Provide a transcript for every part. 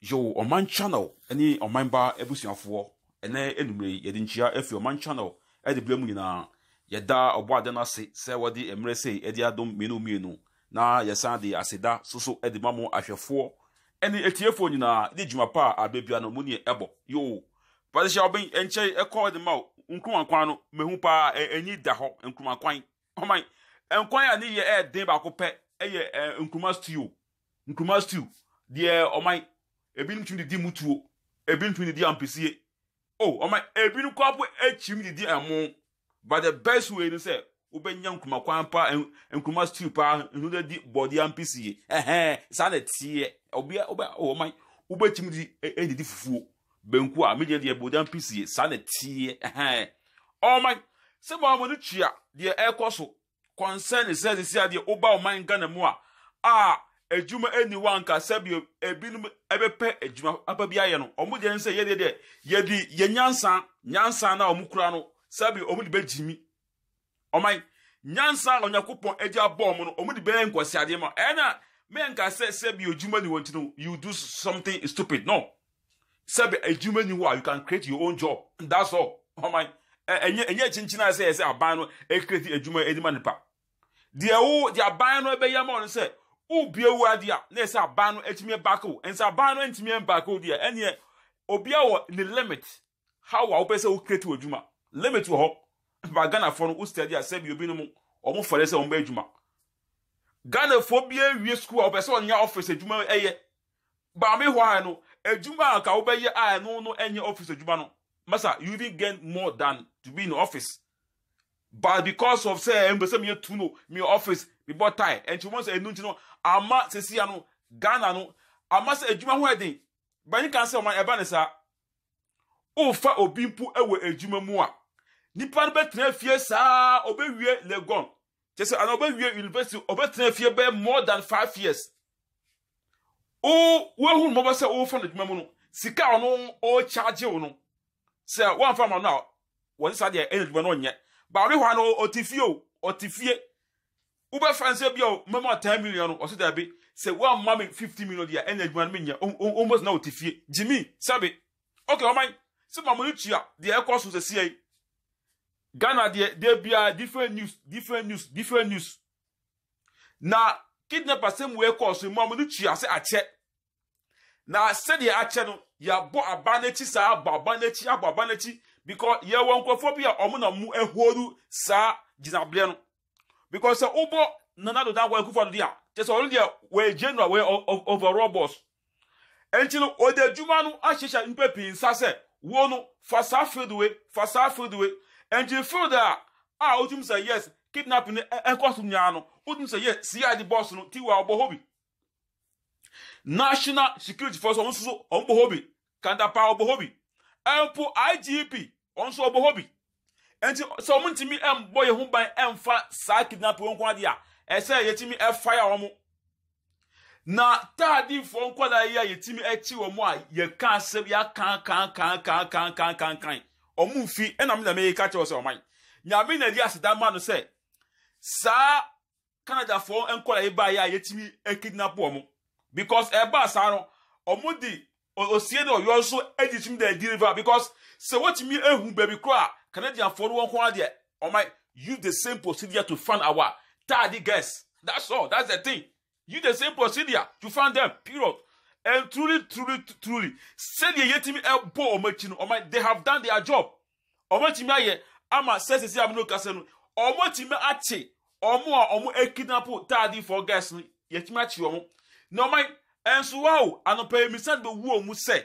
yo ɔman channel ne ɔman ba abusuafoɔ ɛnɛ enumere yi yɛde nkyia efi ɔman channel ɛde bua mu nyinaa yɛda ɔbɔ ade no ase sɛ wɔde mmerɛ sei ɛde adom mmienu mmienu na yɛsan de aseda soso ɛde ma mo ahwɛfoɔ ɛne etiefoɔ nyinaa ne dwuma pa a abɛbia no mu ne ɛbɔ yo padehyia ɔbɛn ɛnkyɛn ɛkɔ ɛde ma o nkumankwan no mehu paa ɛnyi e, e, da hɔ nkumankwan ɔman oh nkwan a ne yɛ ɛɛden baako pɛ e, ɛyɛ ɛɛ nkuma stew nkuma stew deɛ ɔman oh ebinom tumi didi mutuo ebinom tumi didi ampesie o ɔma ebinom kɔ abo ekyim di ɛmo but the best way ni sɛ wobɛnya nkuma kwan pa nkuma stew pa nso de di bɔdi ampesie ɛhɛn saa na teɛ ɔbea ɔbɛ ɔma wobɛkyim di edidi fufuo benku a media deɛ bɔdi ampesie saa na teɛ ɛhɛn ɔma sɛ maa mo no tia deɛ ɛkɔ so concern sɛ sisi adeɛ ɔba ɔman ghana mu a a. edwuma eni wa nka sɛbi ebinom ɛbɛpɛ edwuma apa bi ayɛ no ɔmo gyɛn sɛ yɛde deɛ yɛde yɛ nyansa nyansa na ɔmo kura no sɛbi ɔmo de bɛgyi mi ɔman nyansa ɔnyakopɔn ɛdi abɔ ɔmo no ɔmo de bɛyɛ nkwasiadeɛ ma ɛna mɛ nka sɛ sɛbi edwuma ni wɔn ti no you do something stupid no sɛbi edwuma ni hɔ a you can create your own job that's all ɔman ɛnyɛ ɛnyɛ kyinkyini a sɛ yɛ sɛ aban no ekireti edwuma edwuma nipa deɛ wo deɛ aban no ɛbɛyɛ ma ɔno sɛ wobie wu ade a na ɛsɛ aban no atumi ɛbako nsa aban no ntumi ɛmbako deɛ ɛneɛ obi wɔ ne limit how a wopɛ sɛ wokireti wɔ limit wɔ hɔ ba ghanafoɔ no wostadi a sɛbi obi no mu ɔmo fɛre sɛ ɔmo bɛ adwuma ghanafoɔ bi awie sukuu a wɔpɛ sɛ ɔnyɛ ɔfis adwuma ɛyɛ baame hɔ a no adwuma e a ka wobɛyɛ a ɛno no enye ɔfis adwuma no masa you even gain more than to be in office but because of say ɛmbɛsɛ miyɛ tu no mi office mi bɔ tie ɛnti wɔn sɛ ɛnu nti no ama sesia no ghana no ama sɛ adwuma ho ɛden bɛnyi kan sɛ ɔman ɛba ne saa wofa obi mpo wɔ adwuma mu a nipa no bɛtena fie saa ɔbɛwie legon kyɛ sɛ anaa ɔbɛwie university ɔbɛtena fie bɛyɛ more than five years wo woahunu mmɔbɔ sɛ wofa no adwuma mu no sika ɔno ɔrekyagye wo no sɛ woamfa ma no a wɔne saa deɛ ɛna adwuma no ɔnyɛ baare hɔ a no ɔte fie o ɔte fie wobɛfrɛ nsɛ bia mɛma 10 million no ɔso daabi sɛ woamma me 50 million deɛ ɛna adwuma no menyɛ ɔmbɛs na wɔte fie gyimi sɛbe ok ɔman sɛ ma mɔno tua deɛ ɛkɔ so sɛ siai ghana deɛ da biara different news different news different news na kidnap asɛm wei kɔɔ so ma mɔno tua sɛ akyɛ na sɛdeɛ akyɛ no yɛabɔ aba n'akyi saa abɔ aba n'akyi abɔ aba n'akyi because yɛwɔ nkurɔfoɔ bi a ɔmo na mu ahoru saa gyinaberɛ no because ụgbọ na na dodo agwa ekufu ọdịda chesa ọdịda wee jee nọ wee over robust enchilu odejumanu achịcha mpepi nsase wonu fasa field we fasa field we enjin field a ah, a otum say yes kidnapping ekosu nyanu otum say yes cid boss no tiwa ogbo hobi national security force onso ogbo hobi kandapa ogbo hobi empu igp e onso ogbo hobi nti sɛ ɔmo ntumi mbɔ yɛn ho ban mfa saa kidnap wɔn nko adeɛ a ɛsɛ yɛtumi ɛfaya wɔn na taadifoɔ nkwadaa yi a yɛtumi akyi wɔn a yɛka asɛm kan kan ɔmo nfi ɛna mo dama yi ka kyerɛ sɛ ɔman nyame na adi aseda ma no sɛ saa kanadafoɔ nkwadaa yi baa yi a yɛtumi akidnap wɔn because ɛbaa saa no ɔmo de osie na ɔyɔ nso adi tumi da adi river because sɛ wɔtumi ehu baabi koraa. Canadianfoɔ no wɔn ho Or my use the same procedure to fund our tardy guests that's all that's the thing use the same procedure to fund them period and truly truly truly the sɛdeɛ yɛtumi ɛbɔ ɔmo akyi Or my they have done their job Or my ayɛ ama sɛsɛsɛ amino kasa no ɔmo atumi Or ɔmo a ɔmo ekidnapo tardy for guests no yɛtumi akye ɔmo na ɔman nso wa o pay me send the wu ɔmo sɛ.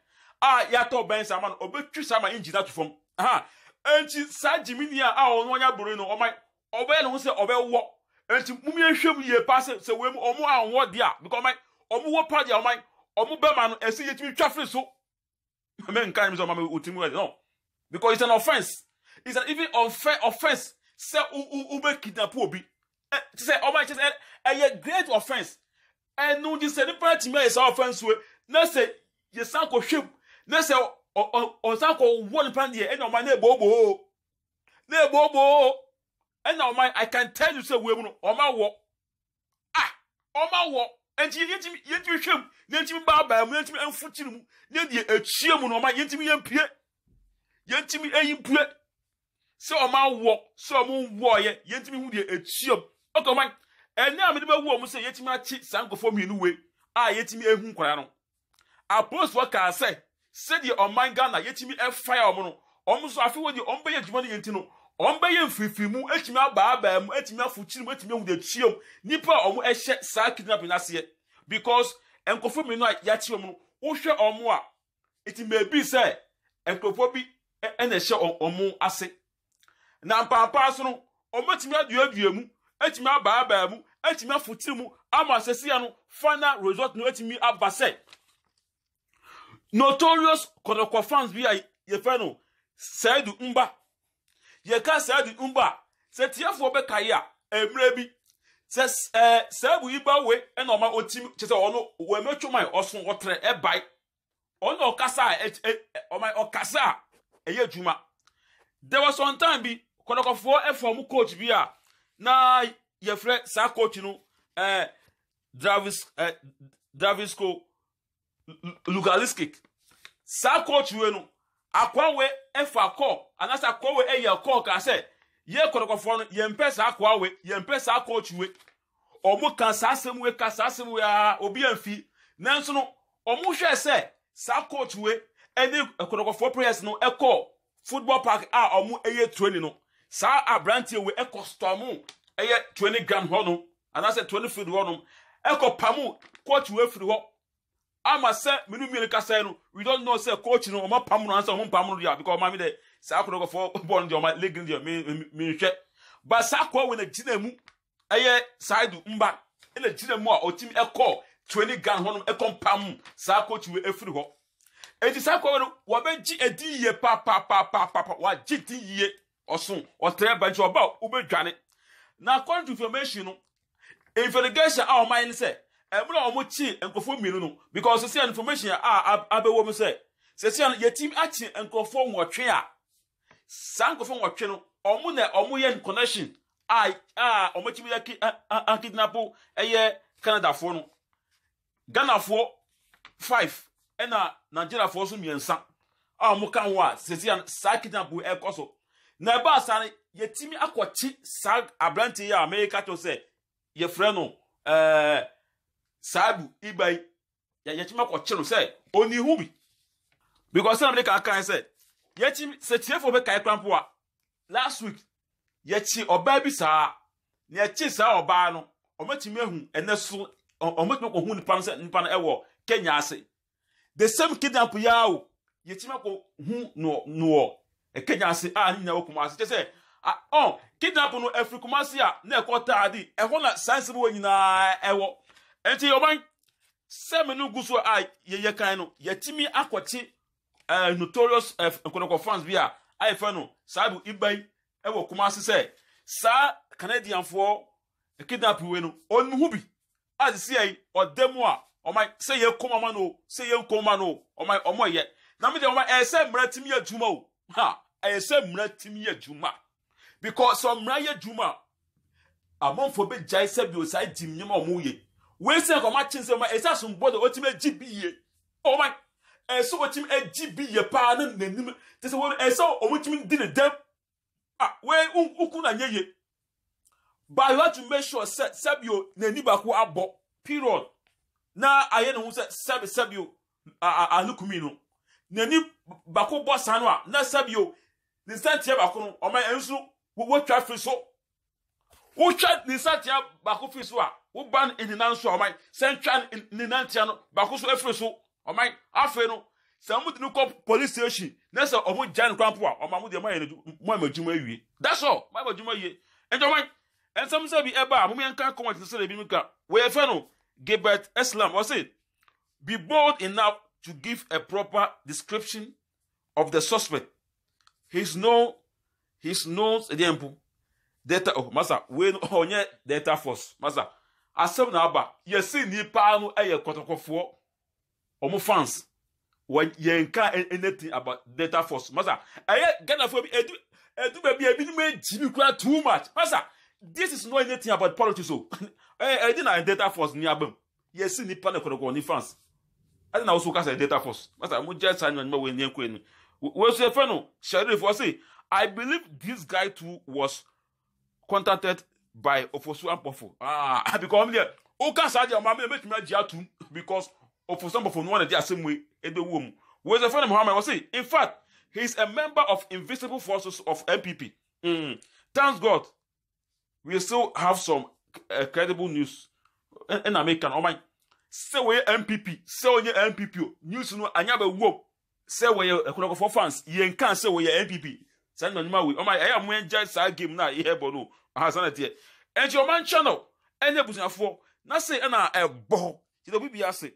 a yɛatɔ ɔbɛn saa ma no ɔbɛtwi saa ma engine ato fam aha nti saa gyimini a a ɔno ɔnyɛ aburo no ɔman ɔbɛyɛ ne ho sɛ ɔbɛwɔ nti mu yɛn hwɛ mu yie paa sɛ sɛ wɔn mu ɔmo anwɔ deɛ because ɔman ɔmo wɔ paa deɛ ɔman ɔmo bɛma no ɛsi yɛtumi twa firi so mɛ nkan mi sɛ ɔman otimi wɛ no because it's an offence it's an even unfair offence sɛ wobɛ kidnap obi ti sɛ ɔman kyerɛ sɛ ɛyɛ great offence ɛnu di sɛ nipa timi ayɛ saa offence wɛ na sɛ yɛ san kɔ hwɛ mu na sɛ ɔsan kɔ wɔ nipa deɛ ɛna ɔman na ebooboo na ebooboo ɛna ɔman i can tell you sɛ wɛmu no ɔman wɔ ah ɔman wɔ nti yɛntumi yɛntumi hwɛ mu yɛntumi baabaa mu yɛntumi nfuti mu yɛndeɛ ekyia mu na ɔman yɛntumi yɛmpie yɛntumi eyi pue sɛ ɔman wɔ sɛ ɔmo wɔɔyɛ yɛntumi hu deɛ ekyia mu ɔkɛ ɔman ɛnna a mɛde bɛ wu ɔmo sɛ yɛntumi akyi saa nkɔfoɔ mmienu wei a yɛntumi ehu nkwadaa no apolisifoɔ kaa sɛ sɛdeɛ ɔman ghana yɛtumi ɛfae a ɔmo no ɔmo nso afei wɔde ɔmo bɛyɛ adwuma no yɛn ti no ɔmo bɛyɛ mfirifimu etumi abaabaa mu etumi afukyiri mu etumi ehude tia mu nipa a ɔmo ɛhyɛ saa kidnap n'aseɛ because nkɔfo mmienu a yɛakyi wɔn no wohwɛ ɔmo a eti meebi sɛ nkurɔfoɔ bi ɛna ɛhyɛ ɔmo ase na mpampaa so no ɔmo etumi aduadua mu etumi abaabaa mu etumi afukyiri mu ama asɛsia no final result no etumi aba notorious kɔtɔkɔ fans bi a yɛfɛ no sɛɛdu mba yɛka sɛɛdu mba sɛ tiɛfoɔ bɛka yi a mmerɛ bi sɛ ɛɛ sɛɛbu yi ba we ɛna ɔma ɔtim kyerɛ sɛ ɔno wɔmɛtwo ma ɔso ɔtrɛ ɛbae ɔno ɔkasa a ɛ ɔma ɔkasa a ɛyɛ adwuma there was one time bi kɔtɔkɔfoɔ ɛfɔm coach bi a na yɛfrɛ saa coach no ɛɛ dravis ɛɛ dravisco lugalistic saa kɔɔkye wei no akoa wei ɛfa kɔɔ anaasɛ akoa wei ɛyɛ kɔɔ kaa sɛ yɛ kɔrɔkɔfoɔ no yɛmpɛ saa akoa wei yɛmpɛ saa kɔɔkye wei ɔmo ka saa asɛm wei ka saa asɛm wei aa obi amfi nanso no ɔmo hwɛ sɛ saa kɔɔkye wei ɛne kɔrɔkɔfoɔ prayers no ɛkɔ football park a ɔmo ɛyɛ training no saa aberanteɛ wei ɛkɔ stɔmo ɛyɛ training ground hɔ no anaasɛ training field hɔ no ɛkɔ pamu kɔɔkye wei firi hɔ ama sɛ menu mmienu kasa no we don't know sɛ coach no ɔma pam no ansa ɔmo pam no deɛ because ɔma mi dɛ saa akɔrɔ kɔfɔ bɔɔl deɛ ɔma deɛ mi mi nhwɛ ba saa kɔɔ wɔ mu ɛyɛ saidu mba ɛna gyina mu a ɔtumi ɛkɔ twenty gan hɔ nom ɛkɔ mpam saa coach wɔ efiri hɔ eti saa kɔɔ no edi yie paapaapaapa wɔagye di yie ɔso ɔtɛrɛ bɛnkye ɔba a na according information no investigation na a ɔmokye nkurɔfoɔ mmienu no because sɛsia information a abɛwɔ mu sɛ sɛsia no yɛtumi akye nkurɔfoɔ nwɔtwe a saa nkurɔfoɔ nwɔtwe no ɔmo na yɛ connection a a akyi yɛ ɔmotumi akidnapo ɛyɛ e canadafoɔ no ghanafoɔ five ɛna e nigeriafoɔ so mmiɛnsa a ɔmo ka ho a sɛsia saa kidnapo ɛkɔ e so na ɛbaa saa no akɔ akɔkye saa aberanteɛ yi a amerika ka kyerɛ sɛ yɛfrɛ no ɛɛɛ saa bu iba yi yɛkyima kɔkye no sɛ ɔni hu bi because sɛnam de kaa kan sɛ yɛkyi sɛ tiefoɔ bɛ kae krampo a last week yɛkyi ɔbaa bi saa na yɛkyi saa ɔbaa no ɔmatumi ahu ɛnɛ so ɔmatumi akɔhu nipa no sɛ nipa ɛwɔ kenya ase the same kidnap yi a o yɛtumi akɔhu no no kenya ase a ne nyinaa wɔ kumase kyɛ sɛ ɔn kidnap no afiri kumase a na ɛkɔ taade ɛhɔ na saa nsɛm wɔ nyinaa ɛwɔ nti ɔman sɛmi no gu so a yɛyɛ kan no yɛtumi akɔkye eh, ɛɛ notorious ɛɛ eh, nkɔnɔkɔ fans bi a ayɛ fɛ no saabu ibai ɛwɔ kumasi sɛ saa kanadianfoɔ kidnap wei no ɔnu hu bi a sisi yɛ ɔda mu a ɔman sɛ yɛ kɔn ɔman no sɛ yɛ nkɔn ɔman no ɔman ɔmɔ yɛ na mi ɔman ɛyɛ sɛ mmerɛ timi yɛ adwuma o ha ɛyɛ sɛ mmerɛ timi yɛ adwuma because ɔmmerɛ yɛ adwuma amanfoɔ bɛ gyae sɛ bi o saa di nneɛma ɔmo yɛ wesi nkɔmɔ akyi nsɛm a esi asombɔ de otimi agyi bi yie ɔman oh ɛsɛ otimi agyi bi yie paa ne n'anim te sɛ wɔn ɛsɛ wɔn timi di ne dɛm a wɔn ukun na nye yie but you have to make sure sɛ sɛbio n'ani baako abɔ period na ayɛ ne ho sɛ sɛbi sɛbio a a alukumi no n'ani baako bɔ saa no a na sɛbio ne nsanteɛ baako no ɔman ɛnso wɔtwa firi so wɔtwa ne nsanteɛ baako firi so a woba no ɛnina nso a ɔman sɛ ntwa nina ntia no baako so afiri so ɔman afei no sɛ mo de no kɔ police station na sɛ ɔmo gya no krampo a ɔma mo deɛ mo ayɛ no mo ama adwuma awie that's all mo ama adwuma awie nti ɔman nsɛm sɛ bi ɛba a mo yɛn ka comment sɛ ebi mi ka wɔyɛ fɛ no gilbert islam ɔse be bold enough to give a proper description of the suspect his no his nose ɛdeɛ mpo data oh masa wei no ɔnyɛ data force masa asɛm na aba yɛsi nipa no yɛ kɔtɔkɔfoɔ ɔmo fans wɔn yɛn ka anything about data force masa ɛyɛ ghanafoɔ bi edu edu baabi ebinom egyimi kura too much masa this is not anything about politics o ɛyɛ ɛdi na data force ni abam yɛsi nipa na kɔtɔkɔ ni fans ɛdi na wosow kasa data force masa mo jɛ saa nyɔnyima wɔ eniyan koe no wosu efɛ no sheriff wɔsi i believe this guy too was contacted by ofosu ampofo ah because ɔmo deɛ ɔka saa deɛ ɔmo ɛmɛtumi agye atum because ofosu ampofo no wɔn na de asɛm wei ɛbɛwɔ mu wɔyɛ sɛ fɛn muhammed wɔ say in fact he is a member of invisible forces of npp mm. thanks god we still have some uh, credible news ɛna mi kan ɔman sɛ wɔyɛ npp sɛ wɔnyɛ npp o news no anya bɛ wɔ sɛ wɔyɛ ɛkɔnɔkɔfɔ fans yɛn kan sɛ wɔyɛ npp sanni ma nyuma wei ɔman ɛyɛ amu ɛgya saa game na ɛyɛ bɔ no ahasa na teɛ ɛnti ɔma nkyɛ no ɛnyɛ abusuafoɔ na se ɛna ɛbɔ hɔ nti obi bi ase